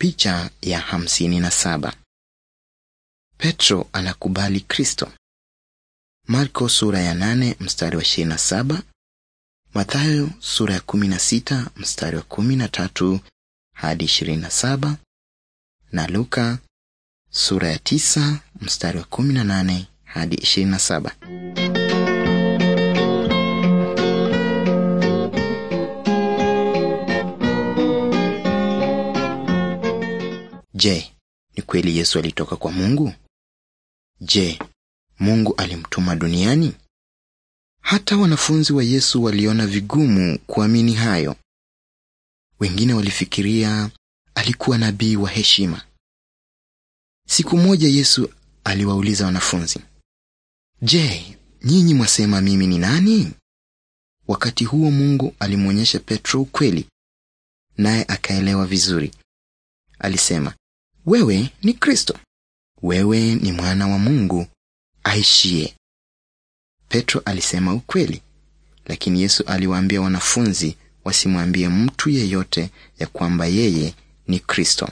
Picha ya hamsini na saba. Petro anakubali Kristo. Marko sura ya nane mstari wa ishirini na saba Mathayo sura ya kumi na sita mstari wa kumi na tatu hadi ishirini na saba na Luka sura ya tisa mstari wa kumi na nane hadi ishirini na saba. Je, ni kweli Yesu alitoka kwa Mungu? Je, Mungu alimtuma duniani? Hata wanafunzi wa Yesu waliona vigumu kuamini hayo. Wengine walifikiria alikuwa nabii wa heshima. Siku moja Yesu aliwauliza wanafunzi, "Je, nyinyi mwasema mimi ni nani?" Wakati huo Mungu alimwonyesha Petro ukweli, naye akaelewa vizuri. Alisema, wewe ni Kristo, wewe ni mwana wa Mungu aishie. Petro alisema ukweli, lakini Yesu aliwaambia wanafunzi wasimwambie mtu yeyote ya kwamba yeye ni Kristo.